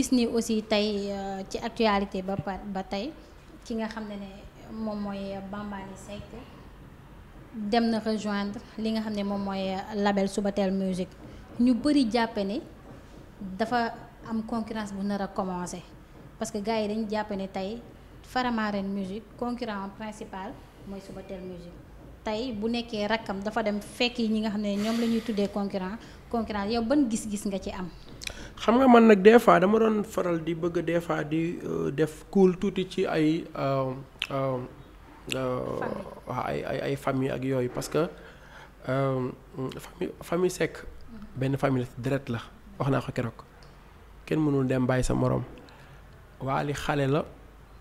gis ni aussi tey euh, ci actualité ba par ba tey ki nga xam ne ne moom mooy Bambaly Seck dem na rejoindre li nga xam ne moom mooy label Subatel Musique ñu bëri jàppe ne dafa am concurrence bu nar a commencé parce que gars yi dañu jàppe ne tey Faramaren Musique concurrent principal mooy Subatel Musique tey bu nekkee rakkam dafa dem fekk yi ñi nga xam ne ñoom la ñuy tuddee concurrent concurrent yow ban gis-gis nga ci am xam nga man nag des fois dama doon faral di bëgg des fois di euh, def cool tuuti ci ay waaw euh, euh, ay ak yooyu parce que famille famille Seck benn famille deret la wax naa ko keroog kenn mënul dem bàyyi sa moroom waali xale la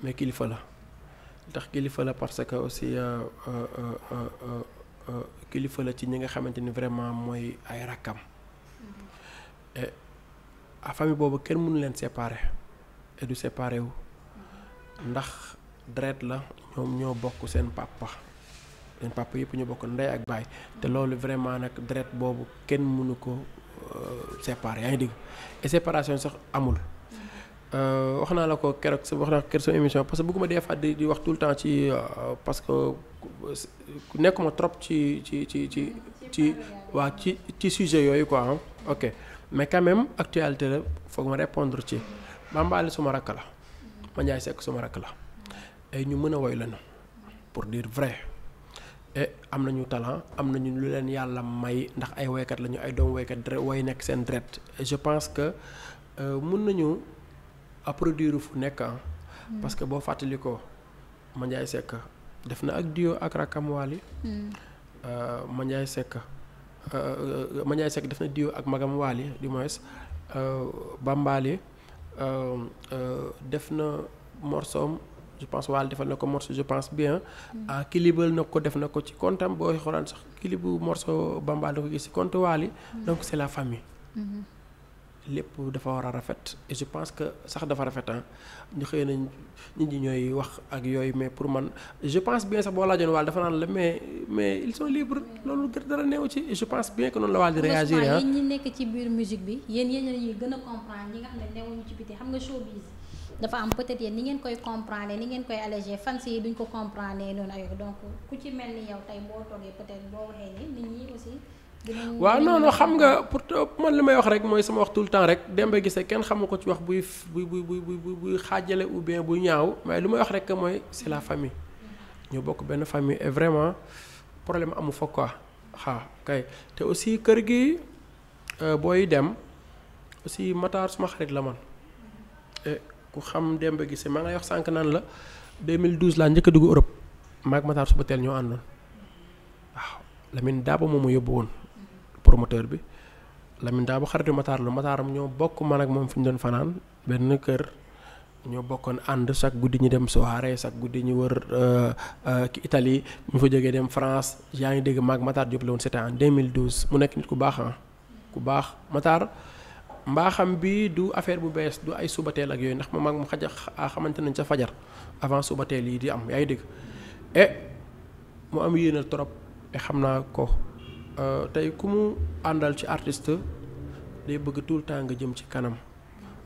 mais kilifa la ndax kilifa la parce que aussi kilifa la ci ñi nga xamante ni vraiment mooy ay rakkam mm-hmm. ah famille boobu kenn mënu leen séparer et du séparer wu ndax deret la ñoom ñoo bokk seen papa seen papa yëpp ñu bokk ndey ak baay te loolu vraiment nag deret boobu kenn mënu ko euh, séparer yaa ngi dégg et séparation sax amul. Euh, wax naa la ko keroog sa wax naa ko keroog sama émission parce que bëgguma des fois di di wax tout temps ci euh, parce que nekkuma trop ci ci ci ci ci waa ci ci sujet yooyu quoi ok. mais quand même actualité la foog ma répondre ci Bambaali suma rakk la Mandiaye Seck suma rakk la et ñu mën a woy lañu pour dire vrai e am nañu talent am nañu lu leen yàlla may ndax ay woykat lañu ay doomu woykat dre woy nekk seen dret je pense que euh, mun nañu a produire fu nekk mm. parce que boo fàttali ko Mandiaye Seck def na ak duo ak rakkam Wally mm. euh, Mandiaye Seck Euh, Mandiaye Seck def na duo ak magam Waly du moins euh, Bambaali euh, def na morsoom je pense Waly defal na ko morceau je pense bien mm. ah kilibal na ko def na ko ci kontam booy xoolaan sax kilibu morceau Bambaali da ko gis ci compte Waly mm. donc c'est la famille mm-hmm. lépp dafa war a rafet et je pense que sax dafa rafet ñu xëy nañ nit ñi ñooy wax ak yooyu mais pour man je pense bien sax boo laajoon Wally dafa naan la mais mais ils sont libres loolu gën je pense bien que noonu la réagir ah nekk ci biir musique bi yéen yéen gën a comprendre nga xam ne newuñu ci biti xam nga showbiz dafa am peut-être ni ngeen koy comprendre ni ngeen koy allégé fans yi duñ ko comprendre noonu ayoo donc ku ci mel ni yow tey boo toogee peut boo waxee ni nit ñi aussi waaw noonu xam nga pour man li may wax rek mooy sama wax le temps rek Demba Guissé kenn xamu ko ci wax buy buy buy buy buy xaajale ou bien buy ñaaw mais lu may wax rek mooy c'est la famille. ñu bokk benn famille et vraiment problème amul fa quoi xaa kay te aussi kër gi euh, booy dem aussi Matar suma xarit la man ku xam Demba Guissé maa man lay wax sànq naan la 2012 laa njëkk a dugg Europe maag Matar suba teel ñoo àndoon waaw Lamine Daba moom ma yóbbu woon. promoteur bi Lamine daa bu xaritu Matar la Mataram ñoo bokk man ak moom fi ñu doon fanaan benn kër ñoo bokkoon ànd chaque guddi ñu dem soirée chaque guddi ñu wër euh, euh, ki Italie ñu fa jógee dem France yaa ngi dégg maag Matar Diop la woon c'était en mu nekk nit ku baax ah, ku baax Matar mbaaxam bi du affaire bu bees du ay subateel ak yooyu ndax ma mag mu xaj a xamante nañ ca fajar avant subateel yi di am yaa ngi dégg e mu am yéenal trop e xam naa ko Euh, tey ku mu àndal ci artiste day bëgg tout le temps nga jëm ci kanam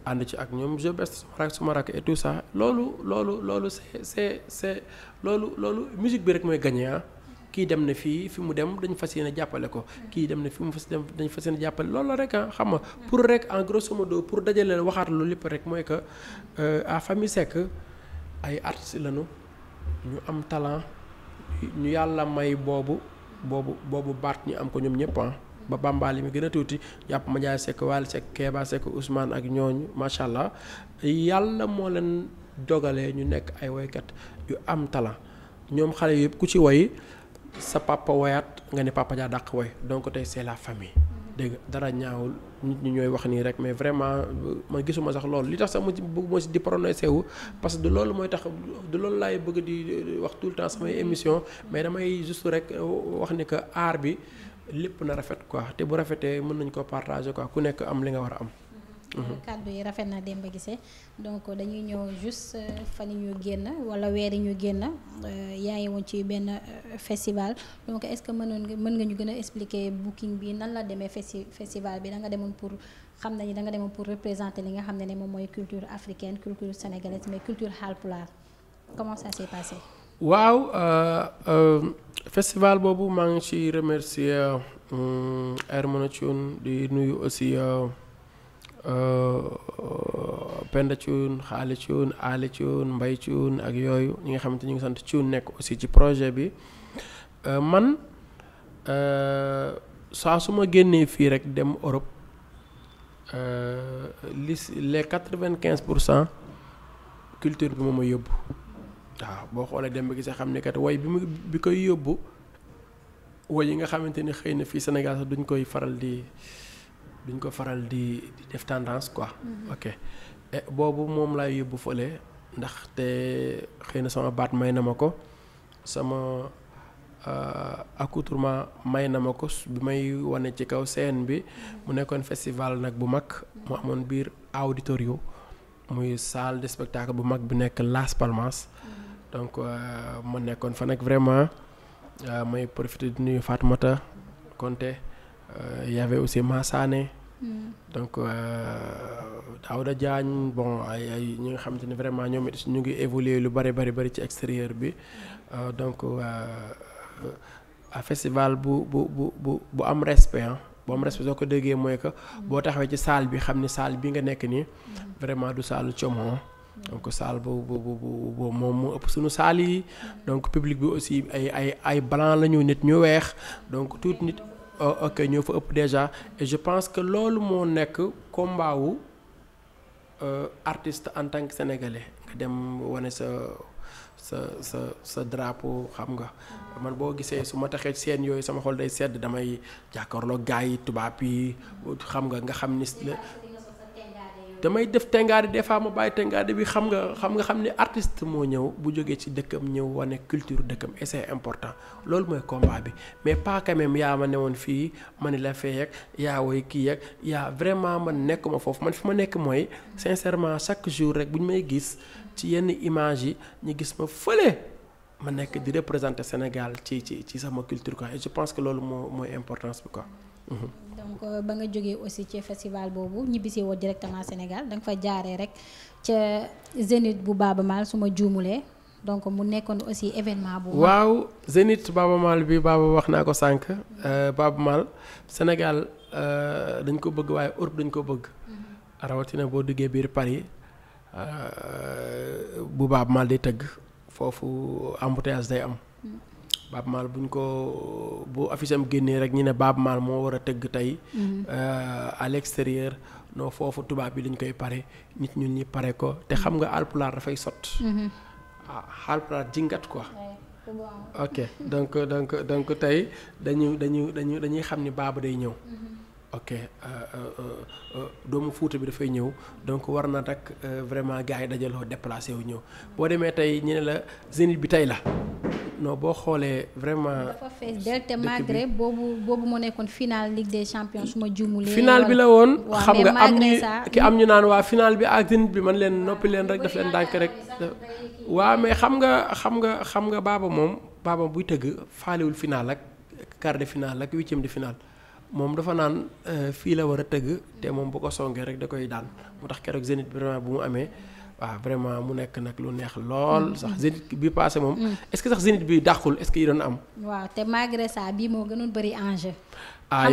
ànd ci ak ñoom je suma sama rakk et tout ça loolu loolu loolu c'est c'est c'est loolu loolu musique bi rek mooy gagné ah kii dem na fii fi mu dem dañu fas yéene jàppale ko kii dem na fi mu fas dem dañu fas yéene jàppale loolu la rek ah xam nga pour rek en suma modo pour dajale waxaat lu lépp rek mooy que euh, à Famille Seck ay artistes lañu ñu am talent ñu yàlla may boobu boobu boobu baat ñu am ko ñoom ñëpp ah ba bambaali mi gën a tuuti jàpp ma jaay sekk Waly Seck Kéba Seck Ousmane ak ñooñu macha allah yàlla moo leen dogalee ñu nekk ay woykat yu am talent ñoom xale yëpp ku ci woy sa papa woyaat nga ne papa jaa dàq woy donc tey c'est la famille dégg nga dara ñaawul nit ñi ñooy wax nii rek mais vraiment ma gisuma sax loolu li tax sax ma ci bëgg ci di prononcé wu parce que du loolu mooy tax du loolu laay bëgg di wax tout le temps samay émission mais damay juste rek wax ni que aar bi lépp na rafet quoi te bu rafetee mën nañ ko partager quoi ku nekk am li nga war a am. Mm-hmm. kàddu yi rafet na Demba Guissé donc dañuy ñëw juste euh, fan yi ñu génn wala weer yi ñu génn euh, yaa ngi woon ci benn euh, festival donc est-ce que mënoon nga mën nga ñu gën a expliquer booking bi nan la demee festi festival bi da nga demoon pour xam nañu da nga demoon pour représenter li nga xam ne ne moom mooy culture africaine culture sénégalaise mais culture haalpulaar comment ça s'est passé. waaw festival boobu maa ngi ci remercier Air Monotune di nuyu aussi. Euh, Penda Thioune Xaali Thioune Ali Thioune Mbay Thioune ak yooyu ñi nga xamante ñu ngi sant Thioune nekk aussi ci projet bi euh, man euh, saa su ma génnee fii rek dem Europe li les quatre-vingt-quinze pour cent culture bi moom a yóbbu waaw boo xoolee dem ba gisee xam ne kat way bi mu bi koy yóbbu way yi nga xamante ni xëy na fii Sénégal sax duñ koy faral di. duñ ko faral di def tendance quoi. Mm-hmm. ok eh, boobu moom laay yóbbu fële te xëy na sama baat may na ma ko sama euh, accoutrement may na ma ko bi may wane ci kaw scène bi mu mm-hmm. nekkoon festival nag bu mag mu mm-hmm. amoon biir auditorio muy salle de spectacle bu mag bi nekk Las Palmas donc euh, ma nekkoon fa nag vraiment euh, may profité di nuyu Fatoumata Konté il euh, aussi avait aussi Massané. Hmm. donc euh, Daouda Diagne bon ay ay ñi nga xamante ne vraiment ñoom it ñu ngi évoluer lu bari bari bari ci extérieur bi euh, donc festival bu bu bu bu am respect ah bu am respect soo ko déggee mooy que boo taxawee ci salle bi xam ni salle bi nga nekk nii hmm. vraiment du saalu como donc salle bu bu bu bu moom mu ëpp suñu salle yi hmm. donc public bi aussi ay ay ay blanc la ñu nit ñu weex donc tuuti nit. Euh, ok ñoo fa ëpp déjà et je pense que loolu moo nekk combat wu euh, artiste en tant que sénégalais nga dem wane sa sa sa sa drapeau xam nga man boo gisee su ma taxee seen yooyu sama xol day sedd damay jàkkaarloo gars yi tubaab yi xam nga nga xam ni damay def tengaade des fois ma bàyyi tengaade bi xam nga xam nga xam ne artiste moo ñëw bu jógee ci dëkkam ñëw wane culture dëkkam et c'est important loolu mooy combat bi mais pas quand yaa ma ne woon fii ma ni la fee yegg yaa woy kii yegg yaa vraiment man nekkuma foofu man fi ma nekk mooy sincèrement chaque jour rek bu ñu may gis ci yenn image yi ñu gis ma fële ma nekk di représenter Sénégal ci ci ci sama culture quoi et je pense que loolu moo mooy importance bi quoi. Mhm. donc euh, ba nga jógee aussi ci festival boobu ñibbisi woo directement Sénégal danga fa jaaree rek ca Zénith bu Baaba Maal su ma juumulee donc mu nekkoon aussi événement bu. waaw Zénith Baaba Maal bi Baaba wax naa ko sànq euh, Baaba Maal Sénégal euh, dañ ko bëgg waaye Europe dañ ko bëgg. Mm-hmm. rawatina boo duggee biir Paris bu Baaba Maal di tëgg foofu embouteillage day am. Baaba Maal buñ ko bu affiche am génnee rek ñu ne Baaba Maal moo war a tëgg tey. Mhm. Euh, à l'extérieur foofu tubaab bi lañ koy pare nit ñun ñi pare ko te xam nga alpulaar dafay sot. Mhm. ah alpulaar jingat quoi. ok donc donc donc tey dañu dañu dañu dañuy xam ni baaba day ñëw. Mhm. ok euh, euh, euh, doomu Fuuta bi dafay ñëw donc war na rek vraiment gars yi dajaloo déplacé wu ñëw boo demee tey ñu ne la zénith bi tey la noo boo xoolee vraiment. dafa fees del te boobu boobu moo nekkoon final Ligue des champions su ma juumulee. final bi la woon xam nga am ñu ki am ñu naan waa final bi ak zénith bi man leen noppi leen rek daf leen dànk rek. waaw mais xam nga xam nga xam nga baaba moom baaba buy tëgg faalewul final ak quart de final ak huitième de final. moom dafa naan euh, fii la war a tëgg te moom bu ko songee rek da koy daan mu tax keroog Zénith bi bu mu amee waaw vraiment mu nekk nag lu neex lool mm-hmm. sax Zénith bi passé moom. Mm. est-ce que sax Zénith bi dàqul est-ce que yi doon am. waaw te malgré ça bii moo gënoon bëri enjeu. ah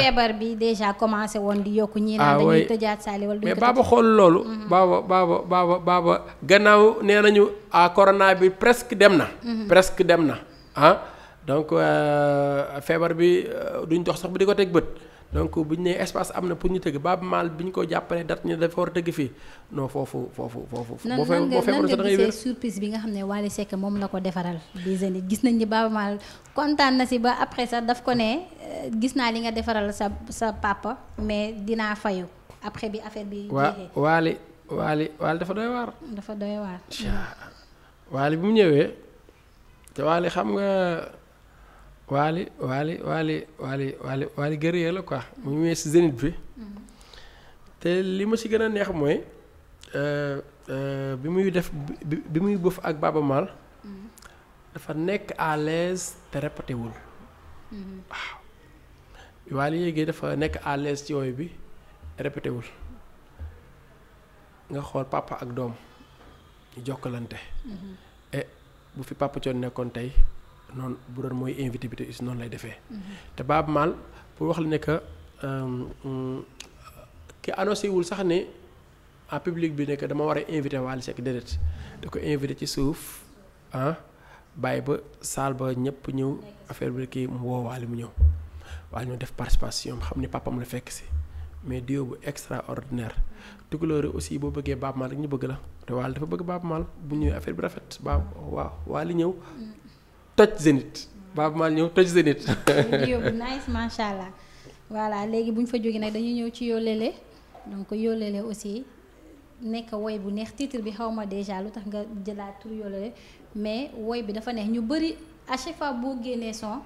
feebar bi déjà commencé woon di yokku. ñii naan ah, dañuy tëjaat saali wala mais baaba xool loolu. Mm-hmm. baaba baaba baaba baaba gannaaw nee nañu ah corona bi presque dem na. Mm-hmm. presque dem na ah. donc euh, feebar bi euh, duñ dox sax bu di ko teg bët donc bu ñu nee espace am na pour ñu tëgg Baaba Maal bi ñu ko jàppalee date ñu dafa tëgg fii non foofu foofu foofu. boo fee boo feebaru bi nga xam ne Wally sekk moom la ko defaral des années gis nañ ni Baaba Maal kontaan na si ba après sax daf ko ne euh, gis naa li nga defaral sa sa papa mais dinaa fayu après bi affaire bi. jeexee waaw Wally Wally Wally dafa doy waar. dafa doy waar. Wally bi mu ñëwee te Wally xam nga. Wally Wally Wally Wally Wally Wally guerrier la quoi mu ñëwee si Zénith bi te li ma si gën a neex mooy euh, euh, bi muy def bi muy bëf ak Baaba Maal dafa nekk à l'aise te répété wul waaw bi Wally yéegee dafa nekk à l'aise ci yooyu bi répété wul nga xool papa ak doom ñu jokkalante. e bu fi papa coon nekkoon tey noonu bu doon mooy invité bi te aussi noonu lay defee. Mhm. te Baaba Maal pour wax la ne que euh, ki annoncé wul sax ne en public bi ne que dama war a invité Wally Seck déedéet da ko invité ci suuf ah bàyyi ba saal ba ñëpp ñëw affaire bi kii mu woo mu ñëw Wally ñoo def participation xam ni papam la fekk si. mais duo bu extraordinaire tukulóore aussi boo bëggee Baaba Maal rek ñu bëgg la te Wally dafa bëgg Baaba Maal bu ñëw affaire bi rafet baab waaw Wally ñëw mhm. toj Zénith Baaba Maal ñëw toj Zénith. yóbbu macha allah voilà léegi bu fa jógee nag dañuy ñëw ci Yolele donc Yolele aussi nekk woy bu neex titre bi xaw ma déjà lu tax nga jëlaat tur Yolele mais woy bi dafa neex ñu bëri à chaque fois boo génnee son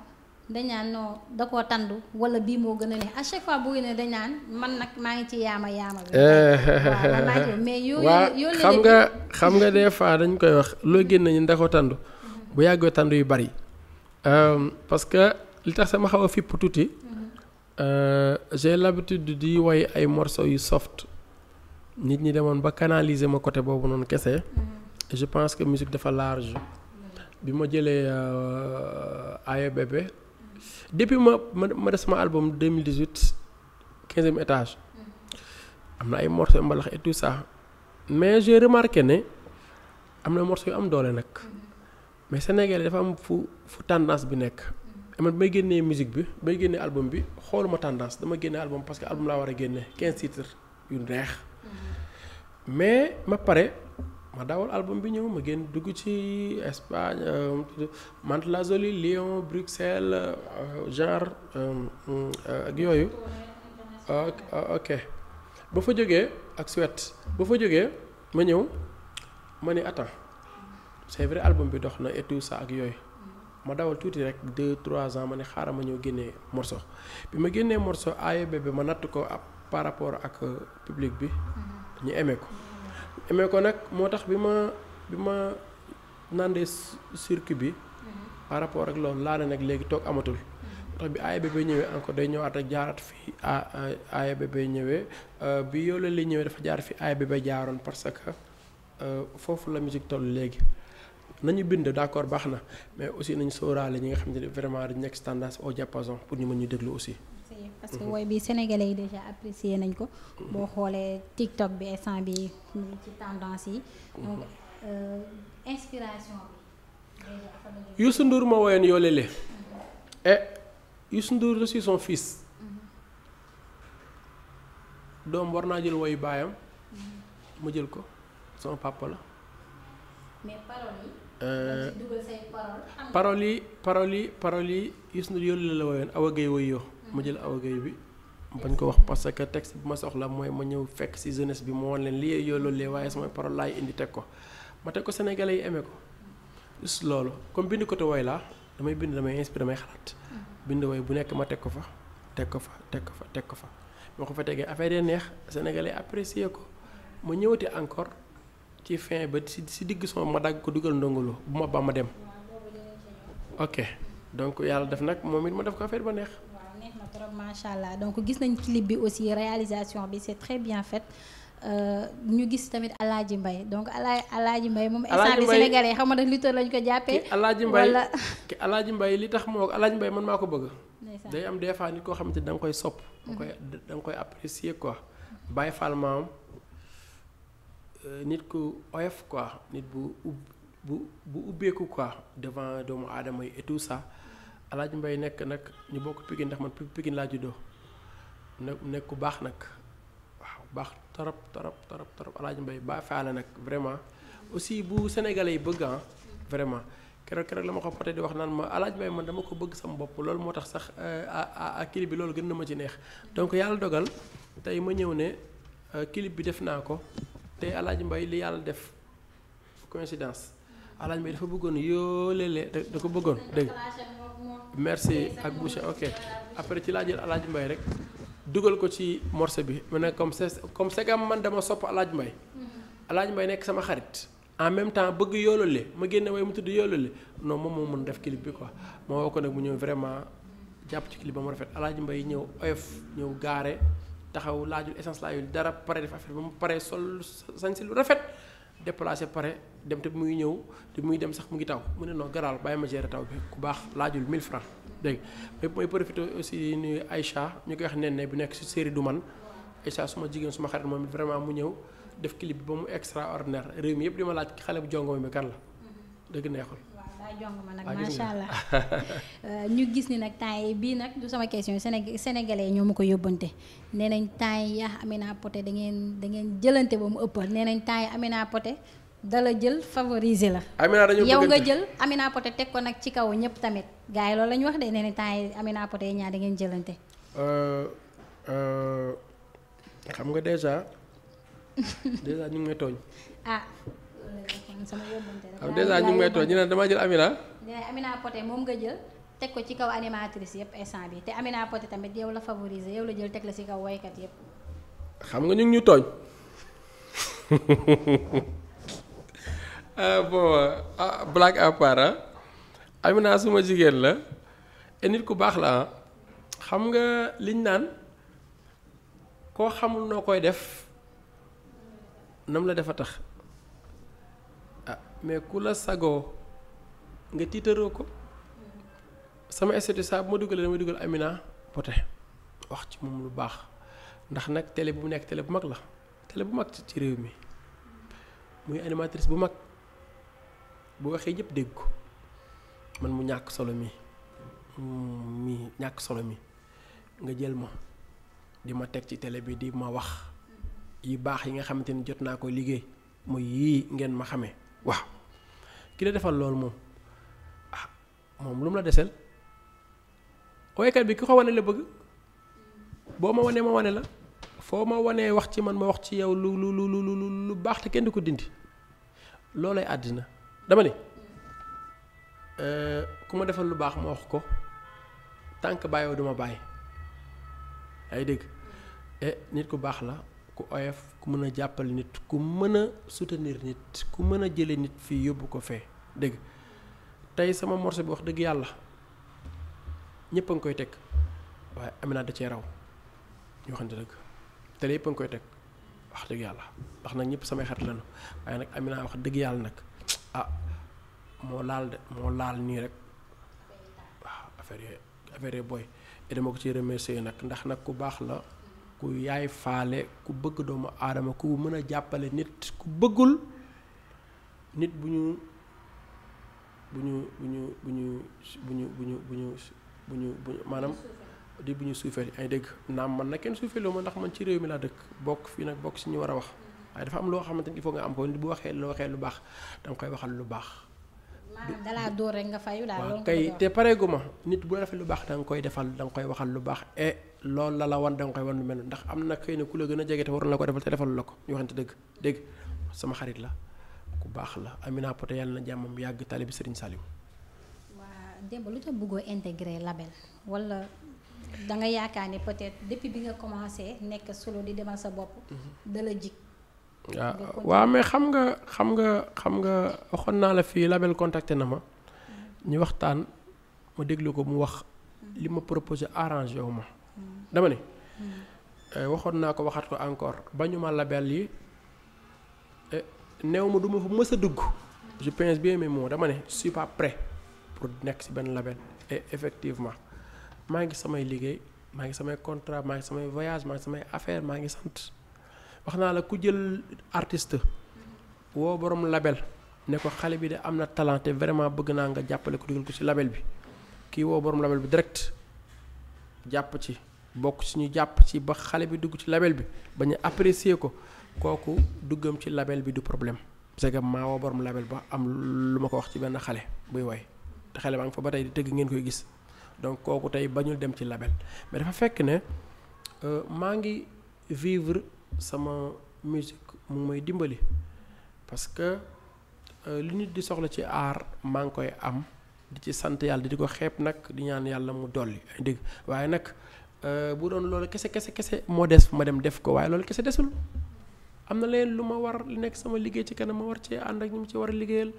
dañaan noo da ko tàndu wala bii moo gën a neex à chaque fois boo génnee dañaan man nag maa ngi ci yaama yaama bi. mais yooyu. yolele xam nga xam nga des fois dañ koy wax loo génne ñun da koo tàndu bu yàggoo tànd yu bari euh, parce que li tax sama xaw a fipp tuuti mm-hmm. euh, j'ai l'habitude di woy ay morceaux yu soft nit ñi demoon ba canaliser ma côté boobu noonu kese mm-hmm. je pense que musique dafa large bi ma jëlee euh, Ayo e Bébé mm-hmm. depuis ma ma des ma album 2018 quinzième étage am na ay morceaux mbalax et tout ça mais j'ai remarqué ne am na morceaux yu am doole nag mais sénégal yi dafa am fu fu tendance bi nekk. man may génne musique bi bay génne album bi xooluma tendance dama génne album parce que album laa war a génne 15 titres yu neex. mais ma pare ma dawal album bi ñëw ma génn dugg ci Espagne euh, Mantes-la-Jolie Lyon Bruxelles euh, genre euh, ak yooyu. ok ba fa jógee ak Suède ba fa jógee ma ñëw ma ni attends. c'est vrai album bi dox na et sa ak yooyu ma dawal tuuti rek deux trois ans ma ne xaaral ma ñëw génnee morceau bi ma génnee morceau aaye bi ma natt ko par rapport ak public bi ñu aimé ko aimé ko nag moo tax bi ma bi ma nandee circuit bi par rapport ak loolu laa nag léegi toog amatul tax bi aaya e bébé ñëwee encore day ñëwaat ak jaarat fii e aaya bébé ñëwee euh, bi yow la ñëwee dafa jaar fi aaya e bébé jaaroon parce que euh, foofu la musique toll léegi nañu bind d'accord baax na mais aussi nañu sóoraale ñi nga xam ne vraiment dañu nekk tendance au diapason pour ñu mën ñu déglu aussi. parce que woy mhm. bi sénégalais yi déjà apprécié nañ ko. Mhm. boo xoolee TikTok bi instant bi yu ngi ci tendance yi. donc mhm. euh, inspiration bi. Youssou Ndour moo woyoon yoo lele. Eh, doom war naa jël woyu baayam. mu jël ko sama papa la. Euh, parole yi parole yi parole yi gis na yónni la woyoon Awa Guèye woyoo ma mm-hmm. jël Awa Guèye bi bañ ko wax parce que texte bi ma soxla mooy ma ñëw fekk si jeunesse bi moo leen li yoo loolu lee waaye samay parole laay indi teg ko ma teg ko sénégalais yi aimé ko juste loolu comme bind ko te woy laa damay bind damay inspiré damay xalaat mm-hmm. bind woy bu nekk ma teg ko fa teg ko fa teg ko fa teg ko fa moo ko fa tegee affaire yi neex sénégalais apprécier ko ma ñëwati encore ci fin ba si si digg sama ma dagg ko dugal ndongolo bu ma ba ma dem ok donc yàlla def nag moom it ma def ko affaire ba neex. waaw neex allah donc gis nañ clip bi aussi réalisation bi c'est très bien fait euh, ñu gis tamit Alaaji Mbaye donc Ala Alaaji mbay moom. instant bi sénégalais xam nga lutteur lañ ko jàppee. Alaaji Mbaye wala ki Alaaji Mbaye li tax moo Alaaji mbay man maa ko bëgg. day am des fois nit koo xamante ni da koy sopp. da koy da ko koy apprécier quoi. Mm-hmm. bàyyi faal maam Euh, nit ku oyof quoi nit bu bu bu ubbeeku quoi devant doomu aadama yi etu tout alaaj Mbay nekk nag ñu bokk Pikine ndax man Pikine laa juddoo nekk ku baax nag waaw baax torop torop torop torop Alaaji Mbay baa faale nag vraiment aussi bu sénégalais yi bëgg ah vraiment keroog keroog la ma ko pote di wax naan ma Alaaji Mbay man dama ko bëgg sama bopp loolu moo tax sax a euh, clip bi loolu gën na ma ci neex donc yàlla dogal tey ma ñëw ne euh, clip bi def naa ko te Alaaji Mbay li yàlla def coïncidence Alaaji Mbay dafa bëggoon yoo léeg da ko bëggoon dégg merci ak boucher ok après ci laa jël Mbay rek dugal ko ci morceau bi mu ne comme c'est comme c'est que man dama sopp Alaaji Mbay mm-hmm. Alaaji Mbay nekk sama xarit en même temps bëgg yoolale ma génne way mu tudd yoolale non moom moo mën def clip bi quoi moo woo nag mu ñëw vraiment jàpp ci clip ba mu rafet Alaaji Mbay ñëw oyof ñëw gaare taxaw laajul essence laajul dara pare def affaire ba mu pare sol sañ si lu rafet déplacé pare dem te muy ñëw te muy dem sax mu ngi taw mu ne non garaal bàyyi ma gérer taw bi ku baax laajul 1000 francs dégg nga mooy profité aussi nuyu Aïcha ñu koy wax ne ne bu nekk si série du man Aïcha suma jigéen suma xarit moom it vraiment mu ñëw def clip bi ba mu extraordinaire réew mi yëpp di ma laaj xale bu jongo mi kan la dëgg neexul daa jong ma nag allah euh, ñu gis ni nag temps yi bii nag du sama question Sénégal sénégalais ñoo ma ko yóbbante nee nañ temps yi yaa ah, Amina Poté da ngeen da ngeen jëlante ba mu ëppal nee nañ temps yi Amina Poté dala jël favoriser la. Amina yow nga jël Amina Poté teg ko nag ci kaw ñëpp tamit gars yi loolu la ñu wax de nee nañ temps yi Amina Poté ñaar da ngeen jëlante. Euh, euh, xam nga déjà déjà ñu ngi tooñ. Ah. waaw dèjà ñu ngi may tooñ ñu ne Amina. nee Amina Poté moom nga jël teg ko ci kaw animatrice yëpp instant bi te Amina Poté tamit yow la favoriser yow la jël teg la ci kaw woykat yëpp. xam nga ñu ñu tooñ. Ah, bon ah blague ah. Amina suma jigéen la et nit ku baax la ah. xam nga liñ naan koo xamul noo koy def nam la def a tax. mais ku la sagoo nga tiitaroo ko sama statut saa bu ma dugalee damay dugal Amina Poté wax ci moom lu baax ndax nag tele bu mu nekk télé bu mag la télé bu mag ci réew mi muy animatrice bu mag bu waxee ñëpp dégg ko man mu ñàkk solo mi mi ñàkk solo mi nga jël ma di ma teg ci télé bi di ma wax yi baax yi nga xamante ni jot naa ko liggéey muy yii ngeen ma xamee waaw ki la defal loolu moom ah moom lu mu la desel woykat bi ku ko wane la bëgg boo ma wanee ma wane la foo ma wanee wax ci man ma wax ci yow lu lu lu lu lu baax te kenn du ko dindi loolay àddina dama ne euh, ku ma defal lu baax ma wax ko tànk bàyyoo duma bàyyi ay dégg eh, nit ku baax la ku oyof ku mën a jàppale nit ku mën a soutenir nit ku mën a jële nit fii yóbbu ko fee dëgg tey sama morceau bi wax dëgg yàlla ñëpp a koy teg waaye naa da cee raw ñu waxante dëgg te lépp a ngi koy teg wax dëgg yàlla ndax nag ñëpp samay xet lañu waaye nag naa wax dëgg yàlla nag ah moo laal de moo laal nii rek waa affaire yooyu affaire yooyu booy dama ko ciy remercier nag ndax nag ku baax la. ku yaay faale ku bëgg doomu aadama ku mën a jàppale nit ku bëggul nit bu ñu bu ñu bu ñu bu ñu bu ñu bu ñu bu ñu bu ñu bu maanaam di bu ñu suufee ay dégg naam man na kenn suufee loo ma ndax man ci réew mi laa dëkk bokk fii nag bokk si ñu war a wax waaye dafa am loo xamante ni il faut nit bu waxee loo waxee lu baax danga koy waxal lu baax. maanaam dalaa rek nga fayu daal. kay te pareegu ma nit bu la defee lu baax danga koy defal danga koy waxal lu baax et. loolu la la wan danga koy wan lu mel ndax am na xëy na ku la gën a jege te waroon la ko defal te la ko ñu waxante dëgg dégg sama xarit la ku baax la Amina Poté yàlla na jàmmam yàgg tali bi Serigne Saliou. waa démb lu tax bëggoo intégré label wala da nga yaakaar ne peut-être depuis bi nga commencé nekk solo di demal sa bopp. Mhm. dala jig. waaw waaw xam nga xam nga xam nga waxoon naa la fii label contacté na ma. Mhm. ñu waxtaan ma déglu ko mu wax. Mhm. li ma proposé arrangé wu ma. dama ne. Eh, waxoon naa ko waxaat ko encore bañu ma label yi eh, néew ma duma ma fa mës a dugg. je bi bien mes dama ne je suis pour nekk ci benn label effectivement maa ngi samay liggéey maa ngi samay contrat maa ngi samay voyage maa ngi samay affaire maa ngi sant wax naa la ku jël artiste woo borom label ne ko xale bi de am na talent te vraiment bëgg naa nga jàppale ko dugal ko ci label bi kii woo borom label bi direct jàpp ci bokk suñu jàpp ci ba xale bi dugg ci label bi ba ñu apprécier ko kooku duggam ci label bi du problème parce que maa woo borom label ba am lu ma ko wax ci benn xale buy woy te xale baa ngi fa ba tey di tëgg ngeen koy gis donc kooku tey bañul dem ci label mais dafa fekk ne euh, maa ngi vivre sama musique mu may dimbali parce que euh, li nit di soxla ci aar maa ngi koy am di ci sant yàlla di ko xeeb nag di ñaan yàlla mu dolli dégg waaye nag euh, bu doon loolu kese kese kese moo des ma dem def ko waaye loolu kese desul am na leen lu ma war li nekk sama liggéey ci kanam ma war cee ànd ak ñu mu ci war a liggéeyal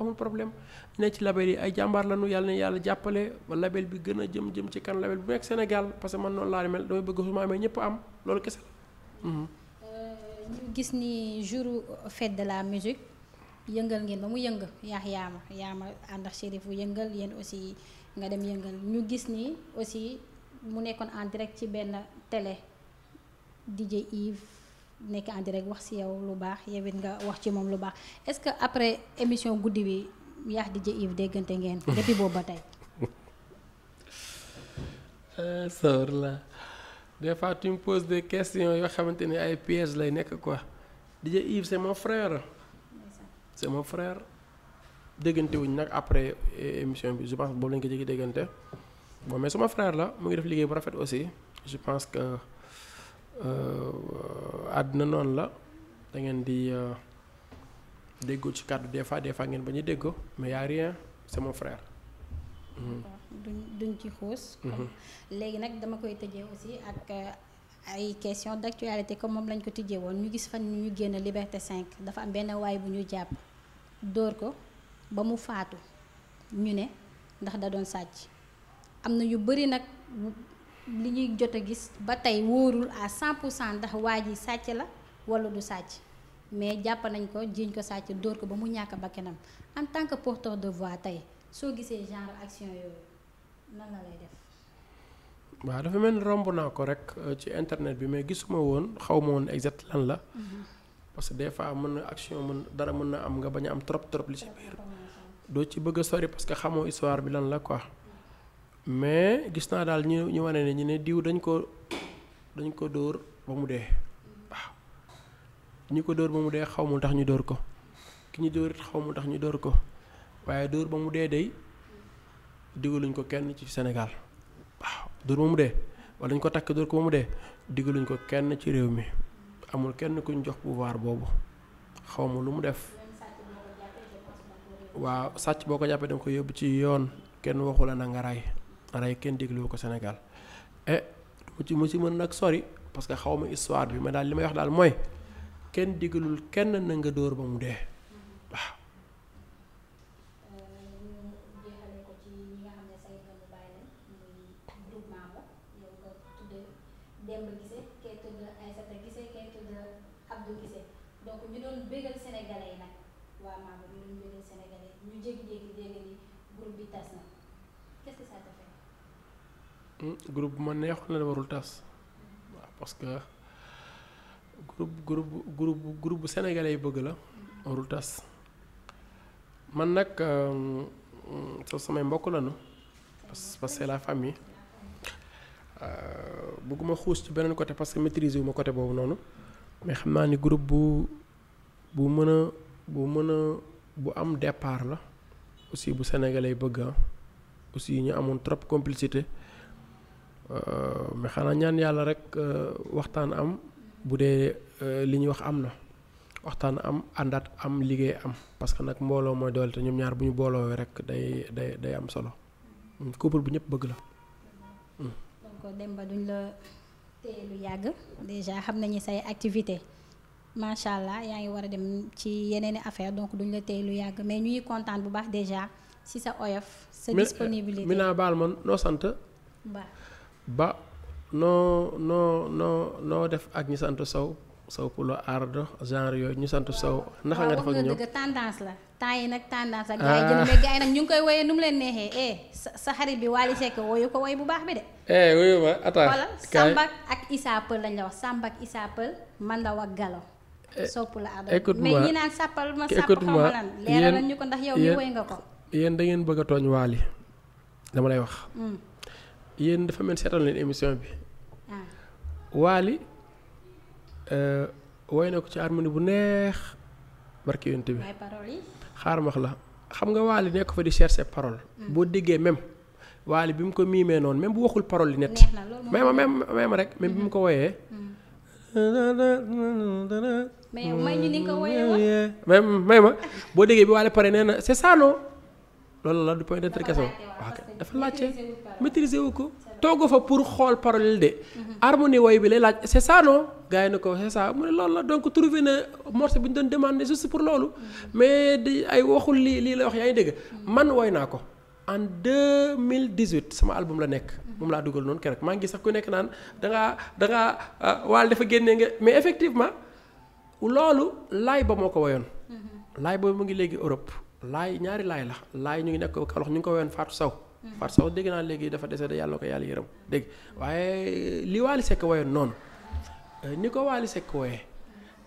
amul problème ne ci label yi ay jàmbaar lañu yàlla na yàlla jàppale ba label bi gën a jëm jëm ci kan label bu nekk Sénégal parce que man noonu laa mel damay bëgg su ma amee ñëpp am loolu kese mhm. euh, ñu gis ni jour fête de la yëngal ngeen ba mu yëng yaax yaama yaama ànd ak yëngal yéen aussi nga dem yëngal ñu gis ni aussi mu nekkoon en direct ci benn télé DJ Yves nekk en direct wax si yow lu baax yow nga wax ci moom lu baax est-ce que après émission guddi bi yaax DJ Yves déggante ngeen. depuis boobu ba tey. Ah, sawar la des fois tu me poses des yoo xamante ne ay pièges lay nekk quoi DJ Yves c'est frère. c'est mon frère déggante wuñ nag après émission bi je pense boobu lañ ko jéggi déggante bon mais sama frère la mu ngi def liggéey bu rafet aussi je pense que euh, àdduna noon la da ngeen di euh, déggoo ci kaddu des fois des fois ngeen ba ñu déggoo mais y a rien c'est mon frère. Mm. duñ duñ ci xuus. Mm-hmm. léegi nag dama koy tëjee aussi ak. Euh, ay question d'actualité comme moom lañ ko tijjee woon ñu gis fan ñu génn Liberté cinq dafa am benn waay bu ñu jàpp dóor ko ba mu faatu ñu ne ndax da doon sàcc am na ñu bëri nag li ñuy jot a gis ba tey wóorul à 100 pour cent ndax waa ji sàcc la wala du sàcc mais jàpp nañ ko jiiñ ko sàcc dóor ko ba mu ñàkk bakkanam en tant que porteur de voix tey soo gisee genre action yooyu nan lay def. waaw dafa mel ni romb naa ko rek euh, ci internet bi mais gisuma woon xaw ma woon exact lan la. Mm-hmm. parce que des fois mën na action mën dara mën na am nga bañ a am trop trop li doo ci bëgg a sori parce que xamoo histoire bi lan la ko mais gis naa daal ñu ñu wane ne ñu ne diw dañ ko dañ ko dóor ba mu dee waaw ko dóor ba mu dee xaw mu tax ñu dóor ko ki ñu dóor it xaw mu tax ñu dóor ko waaye dóor ba mu dee day digaluñ ko kenn ci Sénégal. dóor ba mu dee wala ñu ko takk dóor ko ba mu dee diggaluñ ko kenn ci réew mi amul kenn kuñ jox pouvoir boobu xaw ma lu mu def waaw sàcc boo ko jàppee danga ko yóbbu ci yoon kenn waxu la na nga rey rey kenn dégluwu ko senegal e eh, mu ci mu ci mën nag sori parce que xaw ma histoire bi ma daal li may wax daal mooy kenn diggalul kenn na nga dóor ba mu dee groupe bu ma neexul la warul tas waaw parce que groupe groupe groupe groupe bu sénégalais yi bëgg la warul tas man nag euh, sa samay mbokk lañu parce que c'est la famille euh, bëgguma xuus ci beneen côté parce que maîtriser wu ma côté boobu noonu mais xam naa ni groupe bu bu mën a bu mën a bu am départ la aussi bu sénégalais yi bëgg ah. aussi ñu amoon trop complicité Euh, mais xanaa ñaan yàlla rek euh, waxtaan am bu dee euh, li ñuy wax am na waxtaan am àndaat am liggéey am parce que nag mbooloo mooy doole te ñoom ñaar bu ñu booloowee rek day day day am solo hmm, couple bu ñëpp bëgg la. Hmm. donc Demba duñ la téye lu yàgg déjà xam nañu say activité macha allah yaa ngi war a dem ci yeneen i affaire donc duñ la téye lu yàgg mais ñu ngi bu baax déjà si sa oyof. sa disponibilité mi naa baal man noo sant. ba noo noo noo noo def ak ñu sant Sow Sow Poulo Ardo genre yooyu ñu sant Sow. naka nga def ak ñoom dëgg tendance la temps yi nag tendance la. Ah. gars yi jënd mais gars nag ñu ngi koy woyee nu mu leen neexee eh sa xarit bi Wally Seck woyu ko woy bu baax bi de. eh woyu ma attaque voilà ak Issa Peul lañ la wax Sambak Issa man Mandaw ak Galo. Eh, Sow Poulo Ardo mais ñi naan sàppal ma sàpp xaw ma leeral nañ ñu ko ndax yow mi woy nga ko. yéen da ngeen bëgg a tooñ waali dama lay wax. Hmm. yéen dafa mel seetal leen émission bi. waali woy na ko ci harmonie bu neex barki yonent bi xaar max la xam nga waali nekk fa di chercher parole boo déggee même waali bi mu ko miimee noonu même bu waxul parole li nett même même même rek même bi ko woyee may ma boo déggee bi waali pare nee na loolu la du point d'être kese waaw dafa laajte maîtriser wu ko togg fa pour xool parole de mhm. harmonie woy bi lay laaj c'est ça non gars yi na ko c'est ça mu ne la donc trouvé na morceau bi ñu doon demandé juste pour loolu mhm. mais di ay waxul lii lii la wax yaa dégg mhm. man woy naa ko en 2018 sama album la nekk moom laa dugal noonu keroog maa ngi ku nekk naan da da ngaa ah, waal dafa génnee nga mais effectivement loolu laay ba moo ko woyoon laay ba mu ngi léegi Europe laay ñaari laay la laay ñu ngi nekk Kaolack ñu ngi ko woowee Fatou Sow. Mm-hmm. Fatou Sow dégg naa léegi dafa décédé yàlla ko yàlla yërëm dégg waaye li Waly Seck woyoon noonu euh, ni ko Waly Seck woyee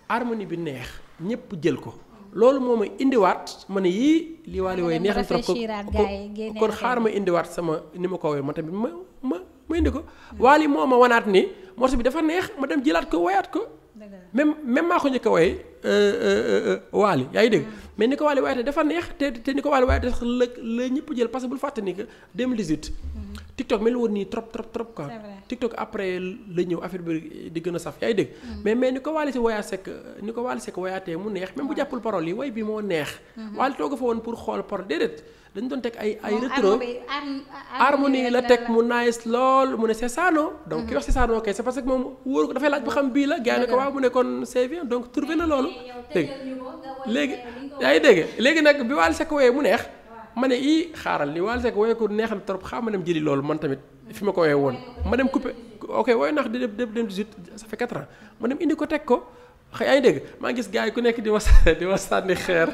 harmonie bi neex ñëpp jël ko loolu moo ma indiwaat ma ne yii li Waly woy neex na trop kon xaar ma indiwaat sama ni ma ko woyee ma tamit ma ma ma indi ko. Waly moo ma wanaat ni morceau bi dafa neex ma dem jëlaat ko woyaat ko. même même maa ko njëkk a Euh, euh, euh, waali yaa ngi dégg mais ni ko waali waayate dafa neex te te ni ko waali waayate sax la la ñëpp jël parce que bul fàtte ni que 2018 mhm. TikTok mel woon nii trop trop trop quoi TikTok après la ñëw affaire bi di gën a saf yaa ngi dégg mhm. mais mais ni ko waali si wayaa sekk ni ko waali sekk wayaatee mu neex même bu jàppul parole yi way bi moo neex mhm. waali tooga fa woon pour xool parole déedéet dañ doon teg ay ay rétro harmonie la teg mu nice lool mu ne c'est ça que moom wóoru ko dafay laaj ba loolu dégg léegi yaa ngi dégg léegi nag bi Wally Seck woyee mu neex ma ne ii xaaral li Wally Seck woyee ko neex na trop xaa ma dem jëli loolu man tamit fi ma ko woyee woon ma dem coupé ok wooy nax di dem dem 18 ça fait 4 ans ma dem indi ko teg ko yaa ngi dégg maa ngis gis yi ku nekk di ma di ma sànni xeer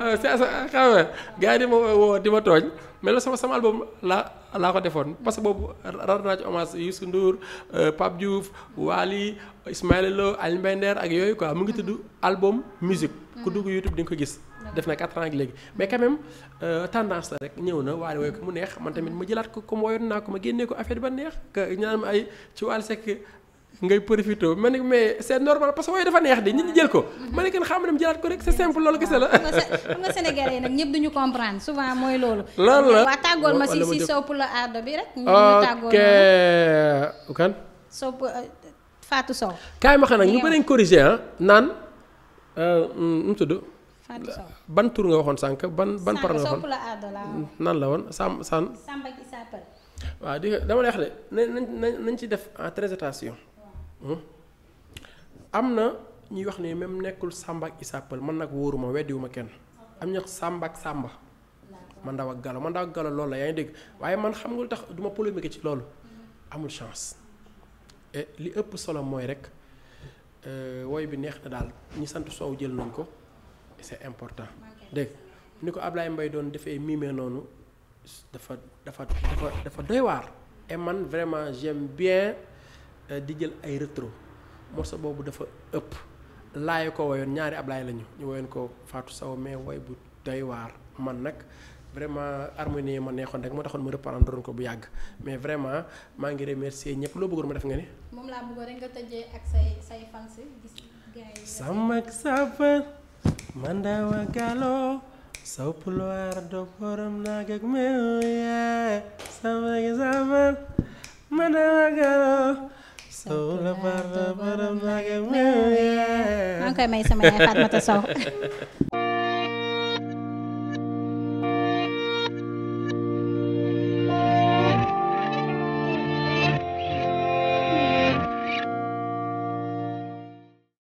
Euh, c'est ça xam nga gars yi di ma woo di ma tooñ mais sama sama album laa laa ko defoon parce que boobu rendre naa ci hommage Youssou Ndour euh, Pape Diouf Wally Ismaël Lo Alioune Mbaye Nder ak yooyu quoi mu ngi tudd album musique ku dugg YouTube di nga ko gis def na 4 ans ak léegi mais quand même euh, tendance la rek ñëw na Wally wooy ko mu neex man tamit ma jëlaat ko comme woyoon naa ko ma génnee ko affaire ba neex que ma ay ci Wally Seck ngay profité ma ne mais c' est normal parce que dafa neex de nit ñi jël ko. ma ne kenn xam dem jëlaat ko rek c' est loolu kese la. xam nga Sénégalais yi nag ñëpp duñu comprendre souvent mooy loolu. loolu la waaw tàggool ma si sopp la aado bi rek. ñu tàggool ok kan. sopp euh, Fatou ma xam nag ñu bëriñ corrigé ah naan euh, nu mu tudd. ban tur nga waxoon sànq ban ban. par nga waxoon nan la woon Sam Sam. Samba waaw di dama lay de nañ nañ nañ ci def en très am na ñuy wax ni même nekkul Samba ak Issa Pël man nag wóoruma weddiwuma kenn am na Samba ak Samba man ndaw ak Galo man ndaw ak Galo loolu la yaa ngi dégg waaye man xam nga tax du ma polémique ci loolu amul chance li ëpp solo mooy rek euh, woy bi neex na daal ñi sant soow jël nañ ko c'est important dégg ni ko Ablaye mbay doon defee miime noonu dafa dafa dafa doy waar et man vraiment j'aime bien. Euh, di jël ay rétro morceau boobu dafa ëpp laay ko woyoon ñaari Ablaay lañu ñu woyoon ko Fatou Sow mais woy bu doy waar man nag vraiment harmonie ma neexoon rek moo taxoon ma reprendre ko bu yàgg mais vraiment maa ngi remercier ñëpp loo bëggoon ma def nga ne. moom laa bëggoon rek nga tëjee ak saw pulwaar do borom naag ak meew yaa samak safar mandawa galo soxla a borom nag ak may sama yaay Fatmata Sow